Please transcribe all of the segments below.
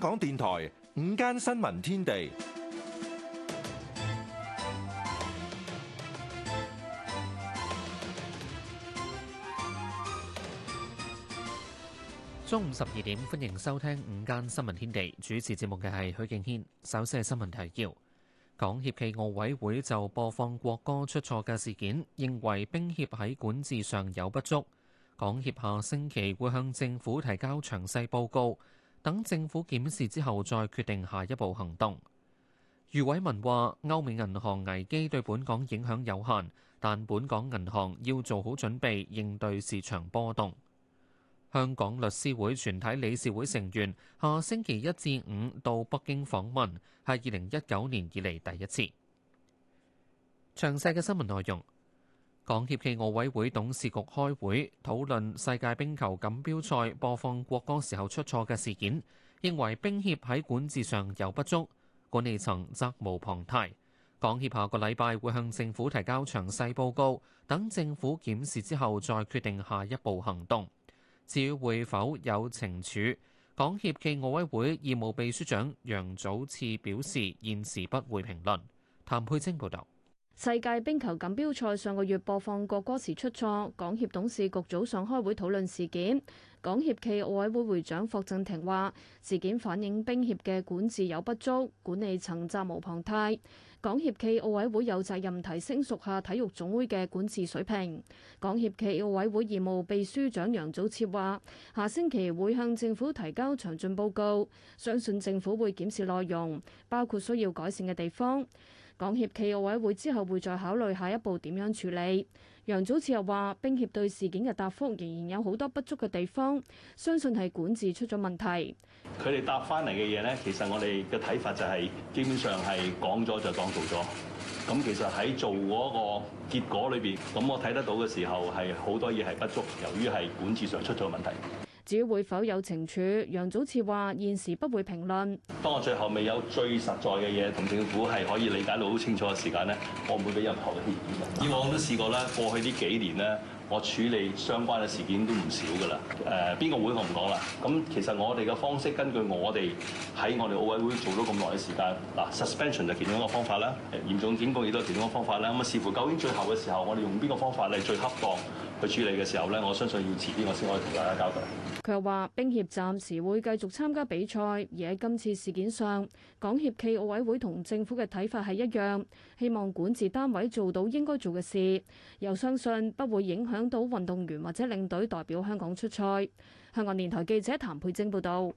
港電台午間新聞天地，中午十二點，歡迎收聽午間新聞天地。主持節目嘅係許敬軒。首先係新聞提要：港協暨奧委會就播放國歌出錯嘅事件，認為冰協喺管治上有不足。港協下星期會向政府提交詳細報告。等政府檢視之後，再決定下一步行動。余偉文話：歐美銀行危機對本港影響有限，但本港銀行要做好準備應對市場波動。香港律師會全體理事會成員下星期一至五到北京訪問，係二零一九年以嚟第一次。詳細嘅新聞內容。港協暨奧委會董事局開會討論世界冰球錦標賽播放國歌時候出錯嘅事件，認為冰協喺管治上有不足，管理層責無旁貸。港協下個禮拜會向政府提交詳細報告，等政府檢視之後，再決定下一步行動。至於會否有懲處，港協暨奧委會義務秘書長楊祖賜表示，現時不會評論。譚佩晶報道。世界冰球錦標賽上個月播放國歌時出錯，港協董事局，局早上開會討論事件。港協暨奧委會，會會長霍振庭話：事件反映冰協嘅管治有不足，管理層責無旁貸。港協暨奧委會有責任提升屬下體育總會嘅管治水平。港協暨奧委會義務秘書長楊祖徹話：下星期會向政府提交詳盡報告，相信政府會檢視內容，包括需要改善嘅地方。港協暨奧委會之後會再考慮下一步點樣處理。楊祖慈又話：冰協對事件嘅答覆仍然有好多不足嘅地方，相信係管治出咗問題。佢哋答翻嚟嘅嘢咧，其實我哋嘅睇法就係、是、基本上係講咗就當做咗。咁其實喺做嗰個結果裏邊，咁我睇得到嘅時候係好多嘢係不足，由於係管治上出咗問題。會否有懲處？楊祖賜話：現時不會評論。當我最後未有最實在嘅嘢同政府係可以理解到好清楚嘅時間咧，我唔會俾任何嘅建議。以往都試過啦，過去呢幾年咧，我處理相關嘅事件都唔少噶啦。誒、呃，邊個會我唔講啦。咁其實我哋嘅方式，根據我哋喺我哋奧委會做咗咁耐嘅時間，嗱、啊、suspension 就其中一個方法啦。嚴重警告亦都其中一個方法啦。咁啊，視乎究竟最後嘅時候，我哋用邊個方法咧，最恰當。佢處理嘅時候呢，我相信要遲啲我先可以同大家交代。佢又話：冰協暫時會繼續參加比賽，而喺今次事件上，港協暨奧委會同政府嘅睇法係一樣，希望管治單位做到應該做嘅事，又相信不會影響到運動員或者領隊代表香港出賽。香港電台記者譚佩晶報道。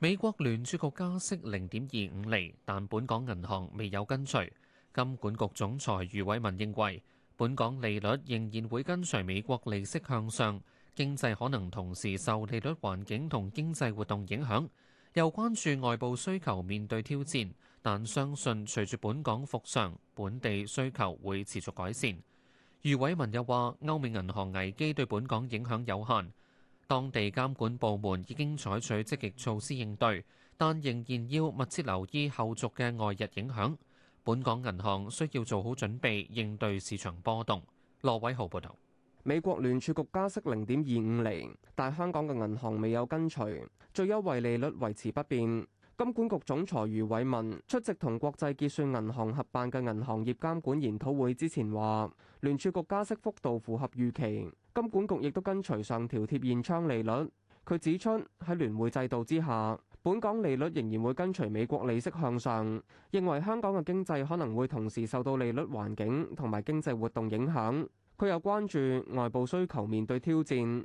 美國聯儲局加息零點二五厘，但本港銀行未有跟隨。金管局總裁余偉文認為，本港利率仍然會跟隨美國利息向上，經濟可能同時受利率環境同經濟活動影響，又關注外部需求面對挑戰，但相信隨住本港復常，本地需求會持續改善。余偉文又話：歐美銀行危機對本港影響有限，當地監管部門已經採取積極措施應對，但仍然要密切留意後續嘅外溢影響。本港銀行需要做好準備應對市場波動，羅偉豪報道，美國聯儲局加息零點二五厘，但香港嘅銀行未有跟隨，最優惠利率維持不變，金管局總裁余偉文出席同國際結算銀行合辦嘅銀行業監管研討會之前話，聯儲局加息幅度符合預期，金管局亦都跟隨上調貼現窗利率。佢指出喺聯匯制度之下，本港利率仍然會跟隨美國利息向上，認為香港嘅經濟可能會同時受到利率環境同埋經濟活動影響，佢又關注外部需求面對挑戰。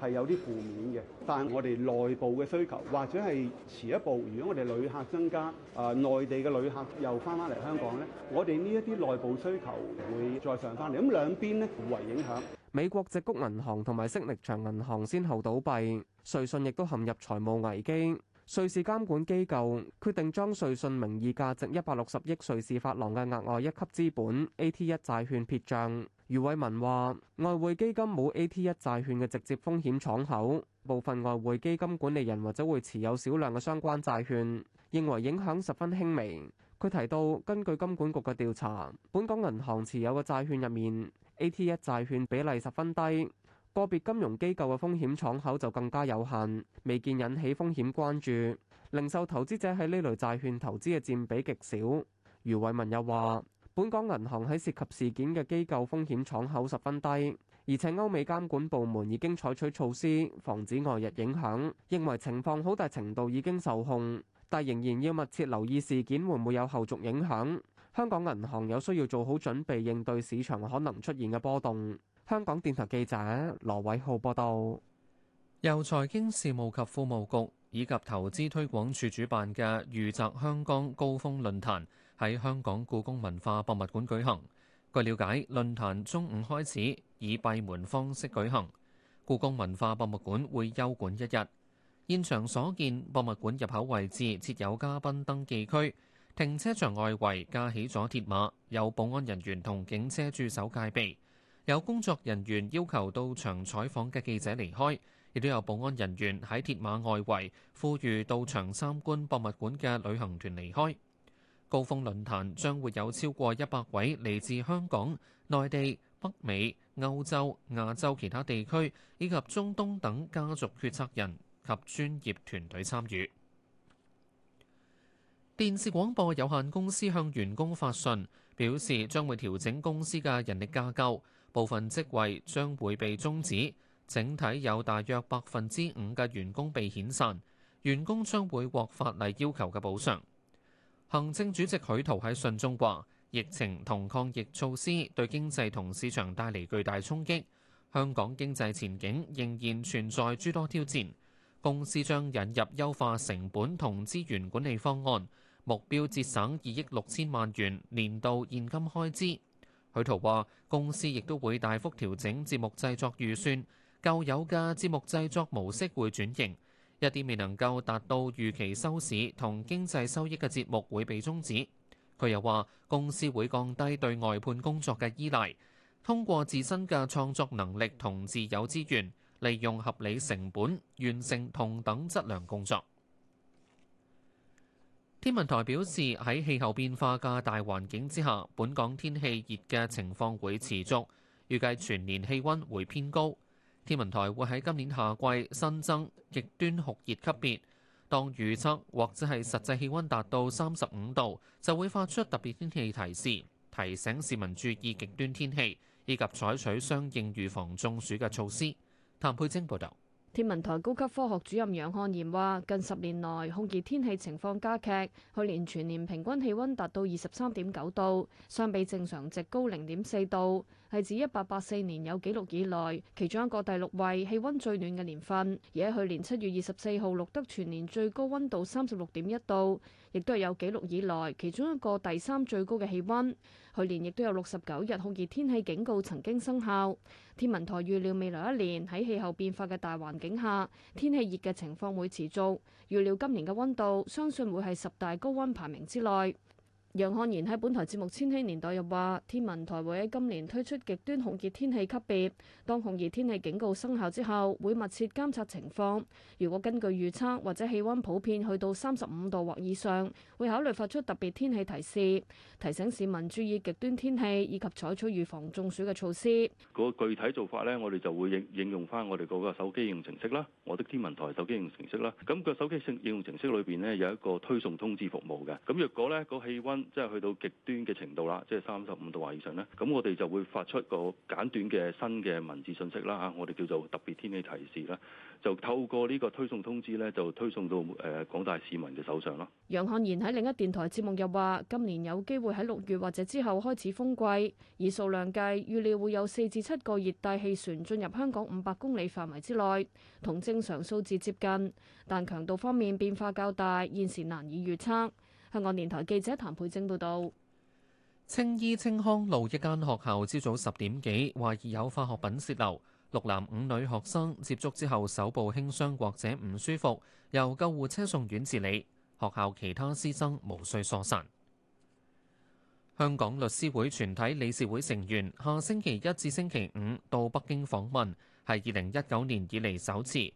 係有啲負面嘅，但係我哋內部嘅需求或者係遲一步。如果我哋旅客增加，啊、呃、內地嘅旅客又翻翻嚟香港呢，我哋呢一啲內部需求會再上翻嚟。咁兩邊呢，互為影響。美國矽谷銀行同埋悉力翔銀行先後倒閉，瑞信亦都陷入財務危機。瑞士監管機構決定將瑞信名義價值一百六十億瑞士法郎嘅額外一級資本 A-T 一債券撇賬。余偉文話：外匯基金冇 AT1 債券嘅直接風險敞口，部分外匯基金管理人或者會持有少量嘅相關債券，認為影響十分輕微。佢提到，根據金管局嘅調查，本港銀行持有嘅債券入面 AT1 債券比例十分低，個別金融機構嘅風險敞口就更加有限，未見引起風險關注。零售投資者喺呢類債券投資嘅佔比極少。余偉文又話。本港銀行喺涉及事件嘅機構風險敞口十分低，而且歐美監管部門已經採取措施防止外溢影響，認為情況好大程度已經受控，但仍然要密切留意事件會唔會有後續影響，香港銀行有需要做好準備應對市場可能出現嘅波動，香港電台記者羅偉浩報道。由財經事務及庫務局以及投資推廣署主辦嘅裕澤香港高峰論壇。喺香港故宮文化博物館舉行。據了解，論壇中午開始以閉門方式舉行，故宮文化博物館會休館一日。現場所見，博物館入口位置設有嘉賓登記區，停車場外圍架起咗鐵馬，有保安人員同警車駐守戒備，有工作人員要求到場採訪嘅記者離開，亦都有保安人員喺鐵馬外圍呼籲到場參觀博物館嘅旅行團離開。高峰論壇將會有超過一百位嚟自香港、內地、北美、歐洲、亞洲其他地區以及中東等家族決策人及專業團隊參與。電視廣播有限公司向員工發信表示，將會調整公司嘅人力架構，部分職位將會被終止，整體有大約百分之五嘅員工被遣散，員工將會獲法例要求嘅補償。行政主席許濤喺信中話：疫情同抗疫措施對經濟同市場帶嚟巨大衝擊，香港經濟前景仍然存在諸多挑戰。公司將引入優化成本同資源管理方案，目標節省二億六千萬元年度現金開支。許濤話：公司亦都會大幅調整節目製作預算，舊有嘅節目製作模式會轉型。一啲未能夠達到預期收視同經濟收益嘅節目會被中止。佢又話，公司會降低對外判工作嘅依賴，通過自身嘅創作能力同自有資源，利用合理成本完成同等質量工作。天文台表示喺氣候變化嘅大環境之下，本港天氣熱嘅情況會持續，預計全年氣温會偏高。天文台會喺今年夏季新增極端酷熱級別，當預測或者係實際氣温達到三十五度，就會發出特別天氣提示，提醒市民注意極端天氣以及採取相應預防中暑嘅措施。譚佩晶報道，天文台高級科學主任楊漢賢話，近十年來酷熱天氣情況加劇，去年全年平均氣温達到二十三點九度，相比正常值高零點四度。係指一八八四年有紀錄以來，其中一個第六位氣温最暖嘅年份，而喺去年七月二十四號錄得全年最高温度三十六點一度，亦都係有紀錄以來其中一個第三最高嘅氣温。去年亦都有六十九日酷熱天氣警告曾經生效。天文台預料未來一年喺氣候變化嘅大環境下，天氣熱嘅情況會持續。預料今年嘅温度相信會係十大高温排名之內。楊漢賢喺本台節目《千禧年代》又話，天文台會喺今年推出極端酷熱天氣級別。當酷熱天氣警告生效之後，會密切監察情況。如果根據預測或者氣温普遍去到三十五度或以上，會考慮發出特別天氣提示，提醒市民注意極端天氣以及採取預防中暑嘅措施。個具體做法呢，我哋就會應應用翻我哋嗰個手機應用程式啦，我的天文台手機應用程式啦。咁個手機應應用程式裏邊呢，有一個推送通知服務嘅。咁若果呢個氣温即係去到極端嘅程度啦，即係三十五度或以上呢。咁我哋就會發出個簡短嘅新嘅文字信息啦。嚇，我哋叫做特別天氣提示啦，就透過呢個推送通知呢，就推送到誒廣大市民嘅手上咯。楊漢賢喺另一電台節目又話：今年有機會喺六月或者之後開始風季，以數量計預料會有四至七個熱帶氣旋進入香港五百公里範圍之內，同正常數字接近，但強度方面變化較大，現時難以預測。香港電台記者譚佩貞報道：青衣青康路一間學校，朝早十點幾懷疑有化學品洩漏，六男五女學生接觸之後手部輕傷或者唔舒服，由救護車送院治理。學校其他師生無須疏散。香港律師會全體理事會成員下星期一至星期五到北京訪問，係二零一九年以嚟首次。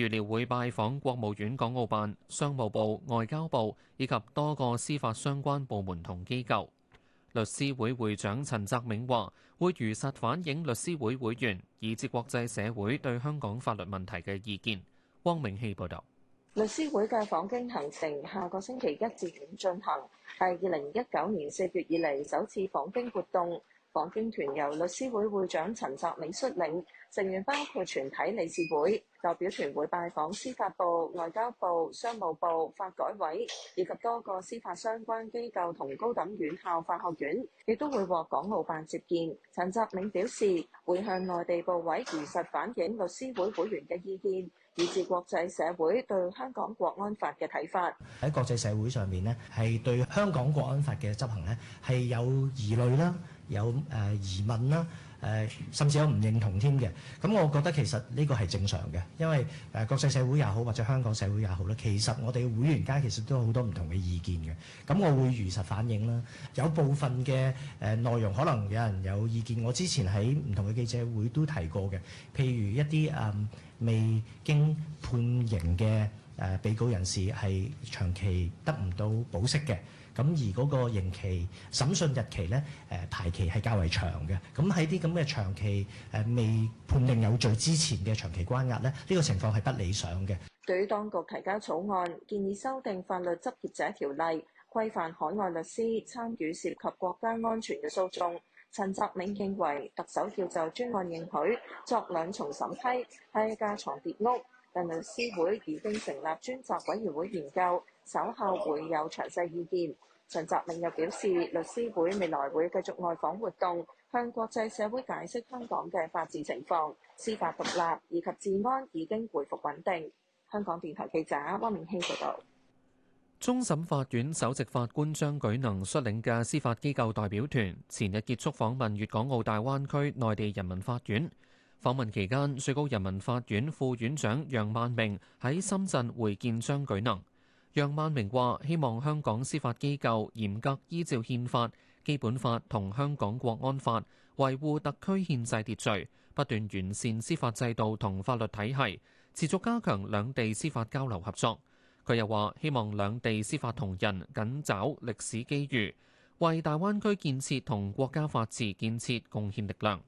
預料會拜訪國務院港澳辦、商務部、外交部，以及多個司法相關部門同機構。律師會會長陳澤銘話會如實反映律師會會員以至國際社會對香港法律問題嘅意見。汪明希報道。律師會嘅訪京行程下個星期一至五進行，係二零一九年四月以嚟首次訪京活動。訪京團由律師會會長陳澤銘率領，成員包括全體理事會，代表團會拜訪司法部、外交部、商務部、法改委，以及多個司法相關機構同高等院校法學院，亦都會獲港澳辦接見。陳澤銘表示，會向內地部委如實反映律師會會員嘅意見，以及國際社會對香港國安法嘅睇法。喺國際社會上面呢，係對香港國安法嘅執行呢係有疑慮啦。有誒疑問啦，誒甚至有唔認同添嘅，咁我覺得其實呢個係正常嘅，因為誒國際社會也好，或者香港社會也好啦，其實我哋會員間其實都有好多唔同嘅意見嘅，咁我會如實反映啦。有部分嘅誒內容可能有人有意見，我之前喺唔同嘅記者會都提過嘅，譬如一啲誒未經判刑嘅誒被告人士係長期得唔到保釋嘅。咁而嗰個刑期審訊日期咧，誒、呃、排期係較為長嘅。咁喺啲咁嘅長期誒、呃、未判定有罪之前嘅長期關押咧，呢、這個情況係不理想嘅。對於當局提交草案，建議修訂法律執業者條例，規範海外律師參與涉及國家安全嘅訴訟。陳澤明認為，特首要就專案認許作兩重審批係一架床疊屋。但律師會已經成立專責委員會研究，稍後會有詳細意見。陳澤明又表示，律師會未來會繼續外訪活動，向國際社會解釋香港嘅法治情況、司法獨立以及治安已經回復穩定。香港電台記者汪明興報道。終審法院首席法官張舉能率領嘅司法機構代表團，前日結束訪問粵港澳大灣區內地人民法院。訪問期間，最高人民法院副院長楊萬明喺深圳會見張舉能。楊萬明話：希望香港司法機構嚴格依照憲法、基本法同香港國安法，維護特區憲制秩序，不斷完善司法制度同法律體系，持續加強兩地司法交流合作。佢又話：希望兩地司法同仁緊抓歷史機遇，為大灣區建設同國家法治建設貢獻力量。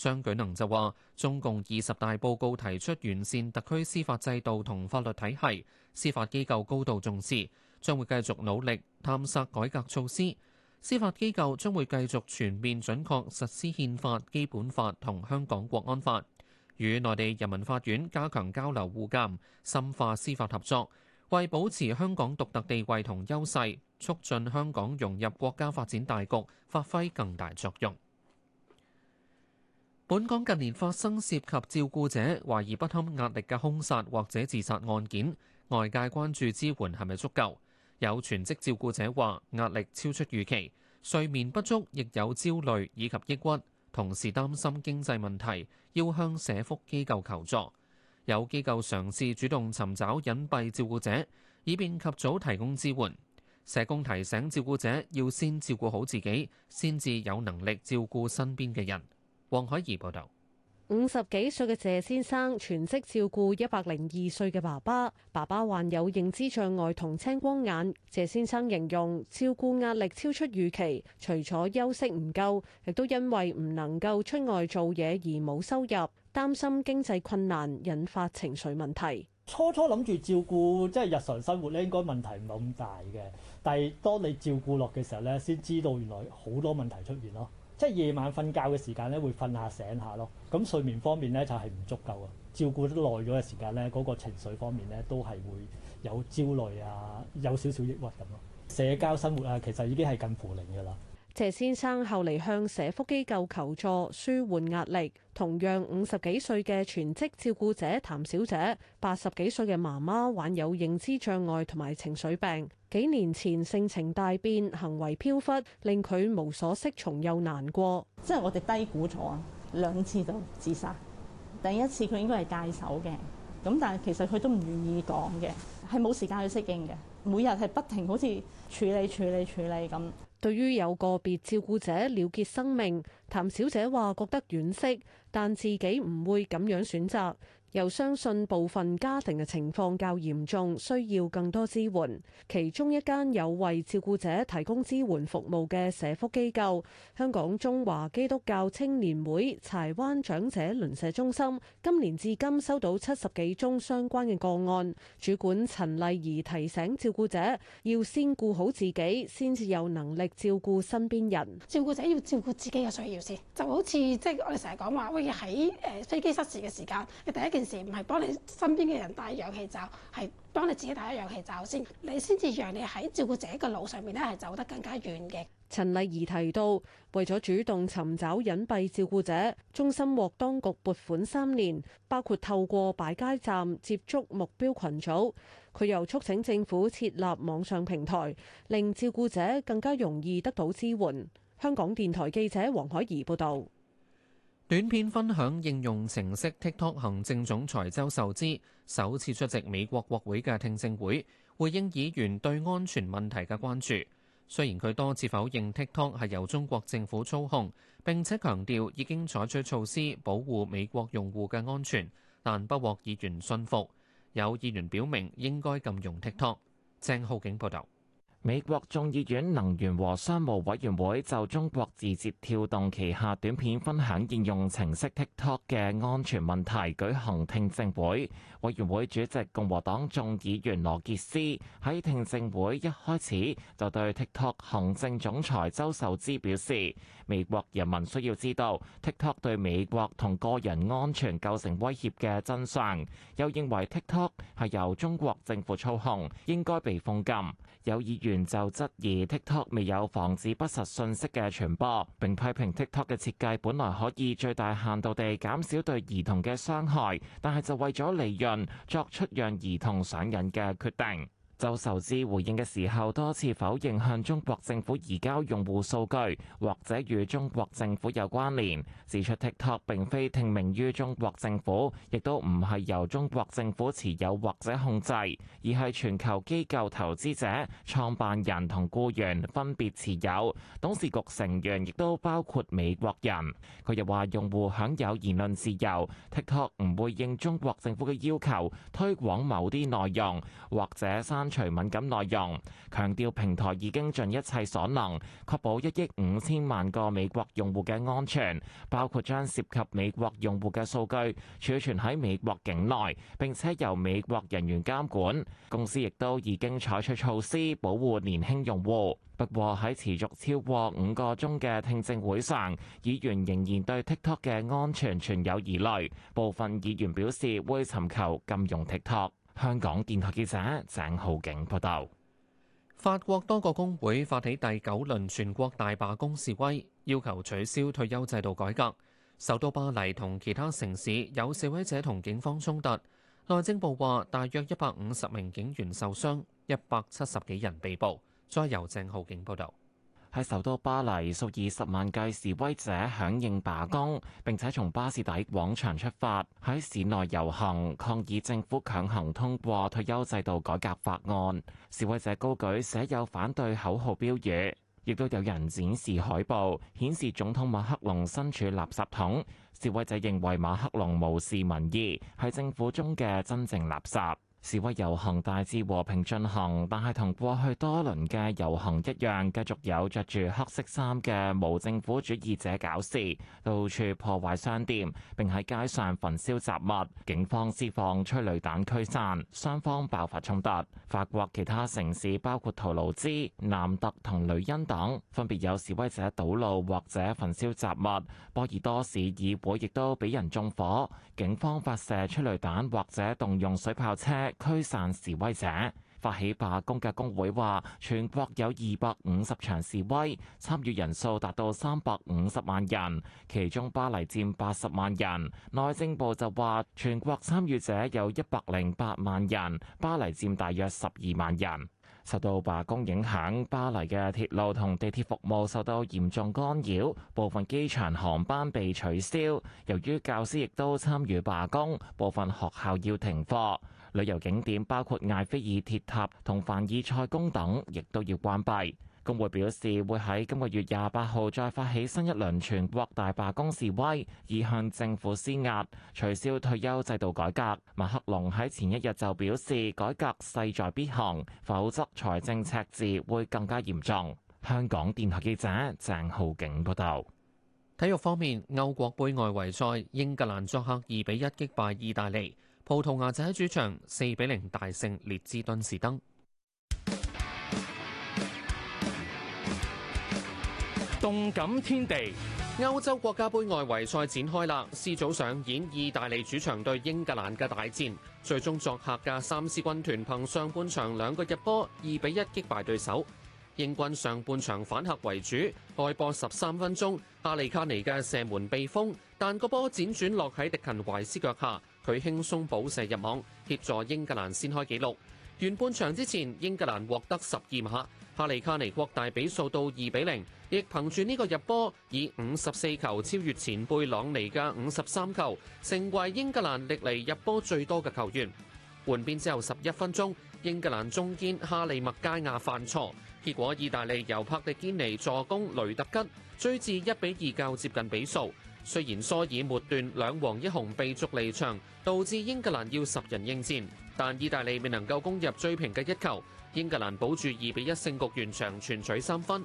張舉能就話：中共二十大報告提出完善特區司法制度同法律體系，司法機構高度重視，將會繼續努力探索改革措施。司法機構將會繼續全面準確實施憲法、基本法同香港國安法，與內地人民法院加強交流互鑑，深化司法合作，為保持香港獨特地位同優勢，促進香港融入國家發展大局，發揮更大作用。本港近年發生涉及照顧者懷疑不堪壓力嘅兇殺或者自殺案件，外界關注支援係咪足夠？有全職照顧者話壓力超出預期，睡眠不足，亦有焦慮以及抑鬱，同時擔心經濟問題，要向社福機構求助。有機構嘗試主動尋找隱蔽照顧者，以便及早提供支援。社工提醒照顧者要先照顧好自己，先至有能力照顧身邊嘅人。黃海怡報道：五十幾歲嘅謝先生全職照顧一百零二歲嘅爸爸，爸爸患有認知障礙同青光眼。謝先生形容照顧壓力超出預期，除咗休息唔夠，亦都因為唔能夠出外做嘢而冇收入，擔心經濟困難引發情緒問題。初初諗住照顧即係、就是、日常生活咧，應該問題唔係咁大嘅，但係當你照顧落嘅時候咧，先知道原來好多問題出現咯。即係夜晚瞓覺嘅時間咧，會瞓下醒下咯。咁睡眠方面咧，就係唔足夠啊。照顧得耐咗嘅時間咧，嗰個情緒方面咧，都係會有焦慮啊，有少少抑鬱咁咯。社交生活啊，其實已經係近乎零㗎啦。謝先生後嚟向社福機構求助舒緩壓力，同樣五十幾歲嘅全職照顧者譚小姐，八十幾歲嘅媽媽患有認知障礙同埋情緒病，幾年前性情大變，行為飄忽，令佢無所適從又難過。即係我哋低估咗，兩次就自殺。第一次佢應該係界手嘅，咁但係其實佢都唔願意講嘅。係冇時間去適應嘅，每日係不停好似處理、處理、處理咁。對於有個別照顧者了結生命，譚小姐話覺得惋惜，但自己唔會咁樣選擇。又相信部分家庭嘅情況較嚴重，需要更多支援。其中一間有為照顧者提供支援服務嘅社福機構，香港中華基督教青年會柴灣長者鄰舍中心，今年至今收到七十幾宗相關嘅個案。主管陳麗儀提醒照顧者要先顧好自己，先至有能力照顧身邊人。照顧者要照顧自己嘅需要先，就好似即係我哋成日講話，喂，喺誒飛機失事嘅時間，你第一時唔係幫你身邊嘅人帶氧氣罩，係幫你自己戴氧氣罩先，你先至讓你喺照顧者嘅路上面咧係走得更加遠嘅。陳麗儀提到，為咗主動尋找隱蔽照顧者，中心獲當局撥款三年，包括透過擺街站接觸目標群組，佢又促請政府設立網上平台，令照顧者更加容易得到支援。香港電台記者黃海怡報道。短片分享應用程式 TikTok 行政總裁周受資首次出席美國國會嘅聽證會，回應議員對安全問題嘅關注。雖然佢多次否認 TikTok 係由中國政府操控，並且強調已經採取措施保護美國用戶嘅安全，但不獲議員信服。有議員表明應該禁用 TikTok。鄭浩景報導。美國眾議院能源和商務委員會就中國字節跳動旗下短片分享應用程式 TikTok 嘅安全問題舉行聽證會。委員會主席共和黨眾議員羅傑斯喺聽證會一開始就對 TikTok 行政總裁周受資表示：美國人民需要知道 TikTok 對美國同個人安全構成威脅嘅真相，又認為 TikTok 係由中國政府操控，應該被封禁。有議員就質疑 TikTok 未有防止不實信息嘅傳播，並批評 TikTok 嘅設計本來可以最大限度地減少對兒童嘅傷害，但係就為咗利潤作出讓兒童上癮嘅決定。就受質回應嘅時候，多次否認向中國政府移交用戶數據，或者與中國政府有關聯。指出 TikTok 並非聽命於中國政府，亦都唔係由中國政府持有或者控制，而係全球機構投資者、創辦人同僱員分別持有。董事局成員亦都包括美國人。佢又話：用戶享有言論自由，TikTok 唔會應中國政府嘅要求推廣某啲內容，或者刪除敏感內容，強調平台已經盡一切所能確保一億五千萬個美國用戶嘅安全，包括將涉及美國用戶嘅數據儲存喺美國境內，並且由美國人員監管。公司亦都已經採取措施保護年輕用戶。不過喺持續超過五個鐘嘅聽證會上，議員仍然對 TikTok 嘅安全存有疑慮，部分議員表示會尋求禁用 TikTok。香港電台記者鄭浩景報道：法國多個工會發起第九輪全國大罷工示威，要求取消退休制度改革。首都巴黎同其他城市有示威者同警方衝突。內政部話，大約一百五十名警員受傷，一百七十幾人被捕。再由鄭浩景報道。喺首都巴黎，數以十萬計示威者響應罷工，並且從巴士底廣場出發，喺市內遊行，抗議政府強行通過退休制度改革法案。示威者高舉寫有反對口號標語，亦都有人展示海報，顯示總統馬克龍身處垃圾桶。示威者認為馬克龍無視民意，係政府中嘅真正垃圾。示威遊行大致和平進行，但係同過去多輪嘅遊行一樣，繼續有着住黑色衫嘅無政府主義者搞事，到處破壞商店，並喺街上焚燒雜物。警方施放催淚彈驅散，雙方爆發衝突。法國其他城市包括圖盧茲、南特同雷恩等，分別有示威者堵路或者焚燒雜物。波爾多市議會亦都俾人縱火，警方發射催淚彈或者動用水炮車驅散示威者，發起罷工嘅工會話，全國有二百五十場示威，參與人數達到三百五十萬人，其中巴黎佔八十萬人。內政部就話，全國參與者有一百零八萬人，巴黎佔大約十二萬人。受到罷工影響，巴黎嘅鐵路同地鐵服務受到嚴重干擾，部分機場航班被取消。由於教師亦都參與罷工，部分學校要停課。旅遊景點包括艾菲爾鐵塔同凡爾賽宮等，亦都要關閉。工會表示會喺今個月廿八號再發起新一輪全國大罷工示威，以向政府施壓取消退休制度改革。馬克龍喺前一日就表示，改革勢在必行，否則財政赤字會更加嚴重。香港電台記者鄭浩景報道。體育方面，歐國杯外圍賽，英格蘭作客二比一擊敗意大利。葡萄牙就喺主場四比零大勝列支敦士登。動感天地，歐洲國家杯外圍賽展開啦。尋早上演意大利主場對英格蘭嘅大戰，最終作客嘅三獅軍團憑上半場兩個入波，二比一擊敗對手。英軍上半場反客為主，開波十三分鐘，阿里卡尼嘅射門被封，但個波輾轉落喺迪勤懷斯腳下。佢輕鬆補射入網，協助英格蘭先開紀錄。完半場之前，英格蘭獲得十二碼，哈利卡尼擴大比數到二比零，亦憑住呢個入波以五十四球超越前輩朗尼嘅五十三球，成為英格蘭歷嚟入波最多嘅球員。換邊之後十一分鐘，英格蘭中堅哈利麥加亞犯錯，結果意大利由帕迪堅尼助攻雷特吉追至一比二較接近比數。雖然蘇爾末段兩黃一紅被逐離場，導致英格蘭要十人應戰，但意大利未能夠攻入追平嘅一球，英格蘭保住二比一勝局完場，全取三分。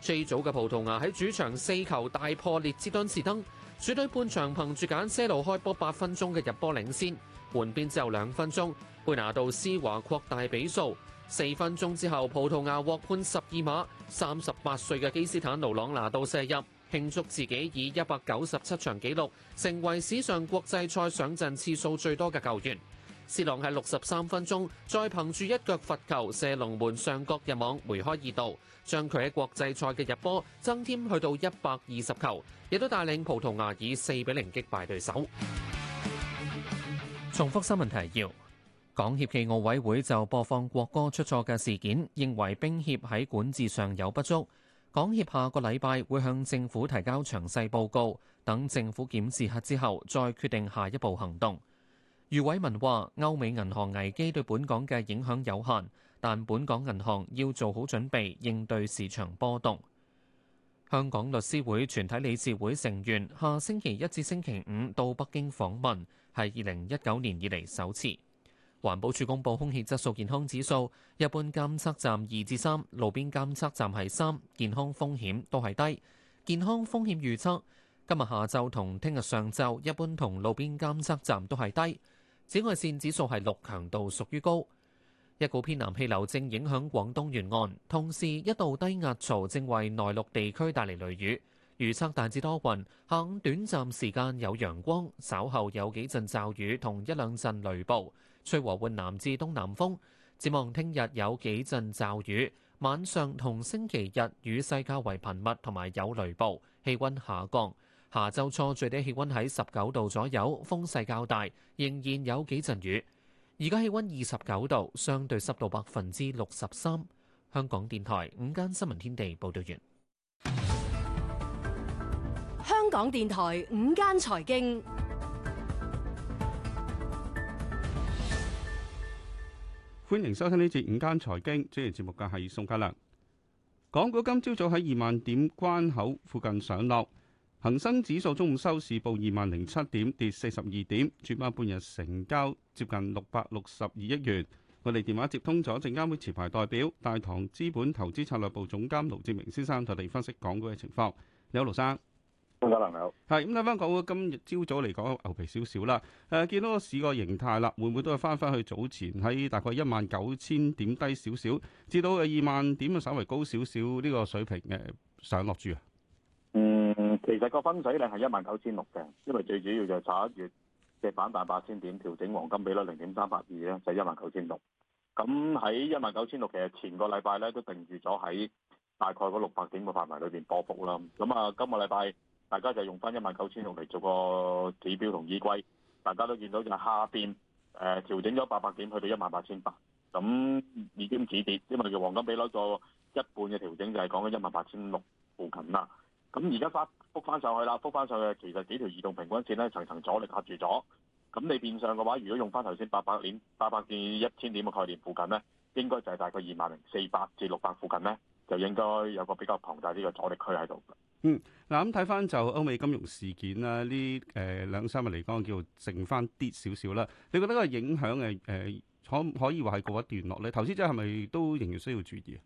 最早嘅葡萄牙喺主場四球大破列支敦士登，主隊半場憑住簡些路開波八分鐘嘅入波領先，換邊之後兩分鐘貝拿度施華擴大比數，四分鐘之後葡萄牙獲判十二碼，三十八歲嘅基斯坦奴朗拿度射入。慶祝自己以一百九十七場紀錄成為史上國際賽上陣次數最多嘅球員。C 朗喺六十三分鐘再憑住一腳罰球射龍門上角入網，梅開二度，將佢喺國際賽嘅入波增添去到一百二十球，亦都帶領葡萄牙以四比零擊敗對手。重複新聞提要：港協暨奧委會就播放國歌出錯嘅事件，認為冰協喺管治上有不足。港協下個禮拜會向政府提交詳細報告，等政府檢視下之後再決定下一步行動。余偉文話，歐美銀行危機對本港嘅影響有限，但本港銀行要做好準備應對市場波動。香港律師會全體理事會成員下星期一至星期五到北京訪問，係二零一九年以嚟首次。環保署公布空氣質素健康指數，一般監測站二至三，路邊監測站係三，健康風險都係低。健康風險預測今日下晝同聽日上晝一般同路邊監測站都係低。紫外線指數係六，強度屬於高。一股偏南氣流正影響廣東沿岸，同時一道低壓槽正為內陸地區帶嚟雷雨。預測大致多雲，下午短暫時間有陽光，稍後有幾陣驟雨同一兩陣雷暴。吹和緩南至東南風，展望聽日有幾陣驟雨，晚上同星期日雨勢較為頻密，同埋有雷暴，氣溫下降。下周初最低氣溫喺十九度左右，風勢較大，仍然有幾陣雨。而家氣溫二十九度，相對濕度百分之六十三。香港電台午間新聞天地報道完。香港電台午間財經。歡迎收聽呢節午間財經，主持節目嘅係宋嘉良。港股今朝早喺二萬點關口附近上落，恒生指數中午收市報二萬零七點，跌四十二點，主板半日成交接近六百六十二億元。我哋電話接通咗證監會持牌代表、大堂資本投資策略部總監盧志明先生，同我哋分析港股嘅情況。你好，盧生。香港朋友，係咁睇翻港股，今日朝早嚟講，牛皮少少啦。誒，見到個市個形態啦，會唔會都係翻翻去早前喺大概一萬九千點低少少，至到誒二萬點啊，稍微高少少呢個水平誒上落住啊？嗯，其實個分水嶺係一萬九千六嘅，因為最主要就炒一月嘅反彈八千點調整，黃金比率零點三八二咧就一萬九千六。咁喺一萬九千六，其實前個禮拜咧都定住咗喺大概嗰六百點嘅範圍裏邊波幅啦。咁啊，今個禮拜。大家就用翻一萬九千六嚟做個指標同依歸，大家都見到就係下邊誒、呃、調整咗八百點去到一萬八千八，咁已經止跌，因為個黃金比率做一半嘅調整就係講緊一萬八千六附近啦。咁而家翻復翻上去啦，復翻上去其實幾條移動平均線咧層層阻力壓住咗。咁你變相嘅話，如果用翻頭先八百點、八百點至一千點嘅概念附近咧，應該就係大概二萬零四百至六百附近咧，就應該有個比較龐大啲嘅阻力區喺度。嗯，嗱咁睇翻就歐美金融事件啦，呢誒兩三日嚟講叫剩翻啲少少啦。你覺得嗰個影響誒誒可可以話係告一段落咧？投資者係咪都仍然需要注意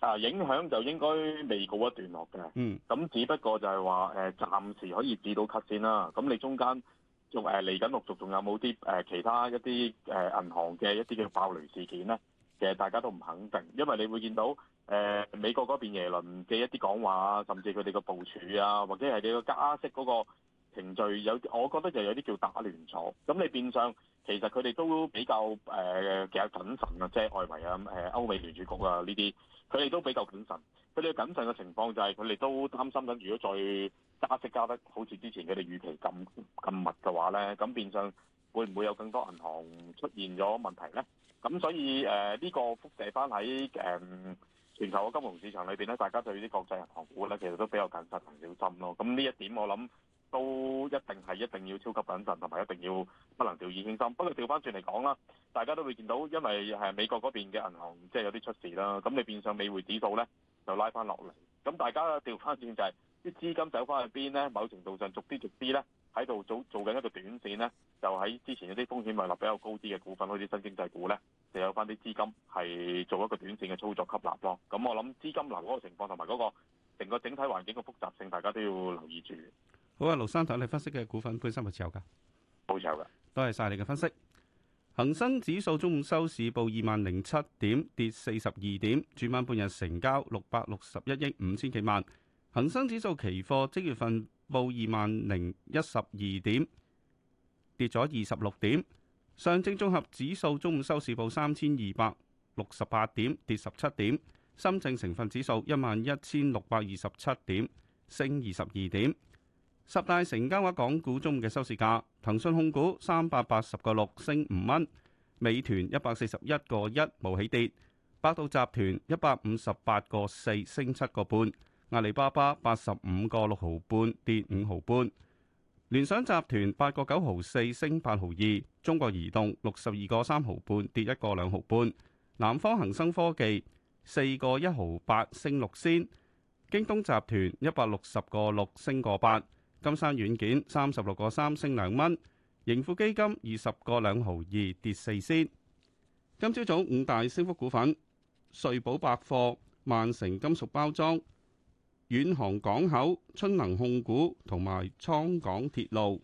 啊？啊，影響就應該未告一段落嘅。嗯，咁只不過就係話誒暫時可以止到級先啦。咁你中間仲誒嚟緊陸續仲有冇啲誒其他一啲誒銀行嘅一啲嘅爆雷事件咧？其實大家都唔肯定，因為你會見到誒美國嗰邊耶倫嘅一啲講話啊，甚至佢哋嘅部署啊，或者係你個加息嗰個程序有，我覺得就有啲叫打亂咗。咁你變相其實佢哋都比較誒比較謹慎啊，即係外圍啊誒歐美聯儲局啊呢啲，佢哋都比較謹慎。佢哋嘅謹慎嘅情況就係佢哋都擔心緊，如果再加息加得好似之前佢哋預期咁咁密嘅話咧，咁變相會唔會有更多銀行出現咗問題咧？咁所以誒呢個輻射翻喺誒全球嘅金融市場裏邊咧，大家對啲國際銀行股咧，其實都比較謹慎同小心咯。咁呢一點我諗都一定係一定要超級謹慎同埋一定要不能掉以輕心。不過調翻轉嚟講啦，大家都會見到，因為係美國嗰邊嘅銀行即係、就是、有啲出事啦，咁你變相美匯指數咧就拉翻落嚟。咁大家調翻轉就係、是、啲資金走翻去邊咧？某程度上逐啲逐啲咧。喺度做做緊一個短線呢，就喺之前一啲風險位立比較高啲嘅股份，好似新經濟股呢，就有翻啲資金係做一個短線嘅操作吸納咯。咁我諗資金流嗰個情況同埋嗰個成個整體環境嘅複雜性，大家都要留意住。好啊，盧生，睇你分析嘅股份本身係持有噶冇持有。多謝晒。你嘅分析。恆生指數中午收市報二萬零七點，跌四十二點。主晚半日成交六百六十一億五千幾萬。恆生指數期貨即月份，報二萬零一十二點，跌咗二十六點。上證綜合指數中午收市報三千二百六十八點，跌十七點。深證成分指數一萬一千六百二十七點，升二十二點。十大成交額港股中午嘅收市價，騰訊控股三百八十個六升五蚊，美團一百四十一個一冇起跌，百度集團一百五十八個四升七個半。阿里巴巴八十五個六毫半跌五毫半，聯想集團八個九毫四升八毫二，中國移動六十二個三毫半跌一個兩毫半，南方恒生科技四個一毫八升六仙，京東集團一百六十個六升個八，金山軟件三十六個三升兩蚊，盈富基金二十個兩毫二跌四仙。今朝早五大升幅股份：瑞寶百貨、萬城金屬包裝。遠航港口、春能控股同埋倉港鐵路，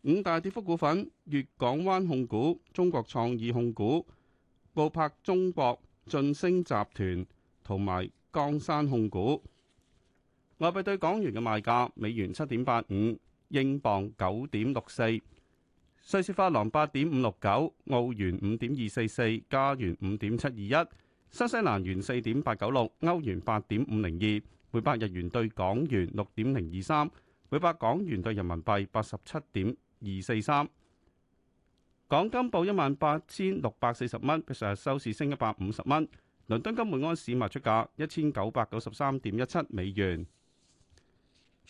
五大跌幅股份：粵港灣控股、中國創意控股、布柏中國、晉升集團同埋江山控股。外幣兌港元嘅賣價：美元七點八五，英鎊九點六四，瑞士法郎八點五六九，澳元五點二四四，加元五點七二一。新西蘭元四點八九六，歐元八點五零二，每百日元兌港元六點零二三，每百港元兌人民幣八十七點二四三。港金報一萬八千六百四十蚊，比上日收市升一百五十蚊。倫敦金每盎司賣出價一千九百九十三點一七美元。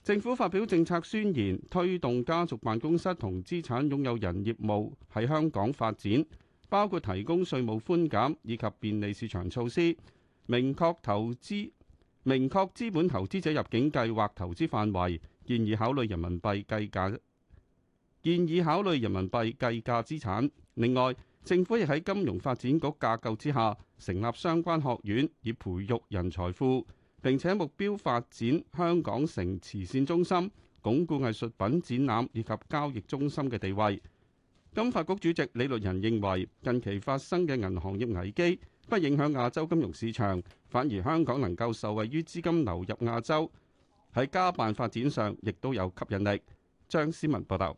政府發表政策宣言，推動家族辦公室同資產擁有人業務喺香港發展。包括提供稅務寬減以及便利市場措施，明確投資、明確資本投資者入境計劃投資範圍，建議考慮人民幣計價，建議考慮人民幣計價資產。另外，政府亦喺金融發展局架構之下成立相關學院，以培育人才庫，並且目標發展香港成慈善中心，鞏固藝術品展覽以及交易中心嘅地位。金發局主席李律仁認為，近期發生嘅銀行業危機不影響亞洲金融市場，反而香港能夠受惠於資金流入亞洲，喺家辦發展上亦都有吸引力。張思文報道。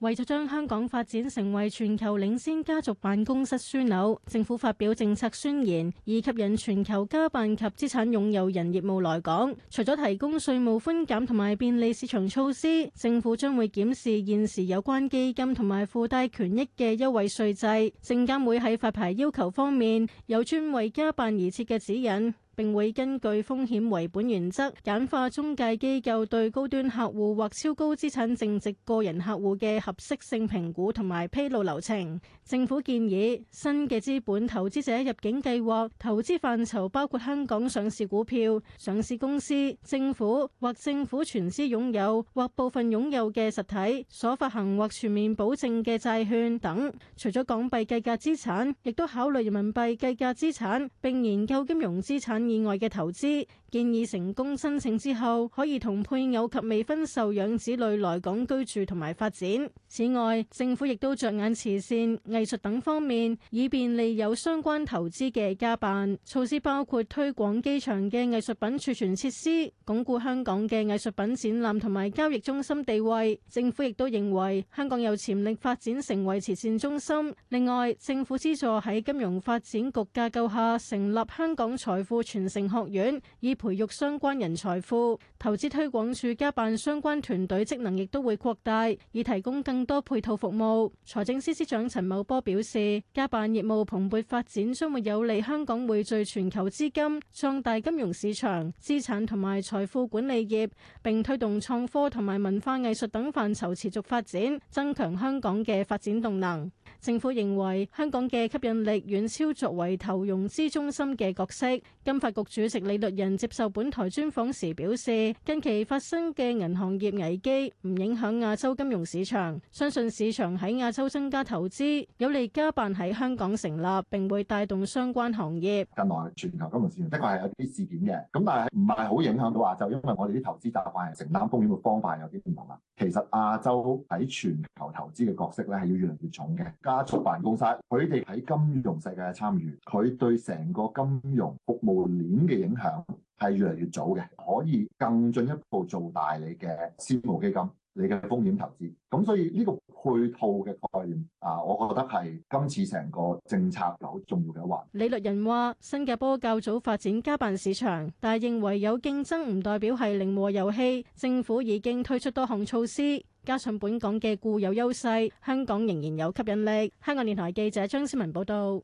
為咗將香港發展成為全球領先家族辦公室樞紐，政府發表政策宣言，以吸引全球家辦及資產擁有人業務來港。除咗提供稅務寬減同埋便利市場措施，政府將會檢視現時有關基金同埋附帶權益嘅優惠稅制。證監會喺發牌要求方面，有專為家辦而設嘅指引。並會根據風險為本原則，簡化中介機構對高端客戶或超高資產淨值個人客戶嘅合適性評估同埋披露流程。政府建議，新嘅資本投資者入境計劃投資範疇包括香港上市股票、上市公司、政府或政府全資擁有或部分擁有嘅實體所發行或全面保證嘅債券等。除咗港幣計價資產，亦都考慮人民幣計價資產，並研究金融資產。意外嘅投資。建議成功申請之後，可以同配偶及未婚受養子女來港居住同埋發展。此外，政府亦都着眼慈善、藝術等方面，以便利有相關投資嘅家辦。措施包括推廣機場嘅藝術品儲存設施，鞏固香港嘅藝術品展覽同埋交易中心地位。政府亦都認為香港有潛力發展成為慈善中心。另外，政府資助喺金融發展局架構下成立香港財富傳承學院，以培育相關人才庫，投資推廣署加辦相關團隊職能，亦都會擴大，以提供更多配套服務。財政司司長陳茂波表示，加辦業務蓬勃發展，將會有利香港匯聚全球資金，壯大金融市場、資產同埋財富管理業，並推動創科同埋文化藝術等範疇持續發展，增強香港嘅發展動能。政府認為香港嘅吸引力遠超作為投融資中心嘅角色。金發局主席李律仁接受本台專訪時表示，近期發生嘅銀行業危機唔影響亞洲金融市場，相信市場喺亞洲增加投資有利加辦喺香港成立，並會帶動相關行業。近來全球金融市場的確係有啲事件嘅，咁但係唔係好影響到亞洲，因為我哋啲投資習慣係承擔風險嘅方法有啲唔同啦。其實亞洲喺全球投資嘅角色咧係要越嚟越重嘅。家族辦公室，佢哋喺金融世界嘅參與，佢對成個金融服務鏈嘅影響係越嚟越早嘅，可以更進一步做大你嘅私募基金、你嘅風險投資。咁所以呢個配套嘅概念啊，我覺得係今次成個政策有好重要嘅一環。李律人話：新加坡較早發展家辦市場，但係認為有競爭唔代表係零和遊戲。政府已經推出多項措施。加上本港嘅固有優勢，香港仍然有吸引力。香港電台記者張思文報道。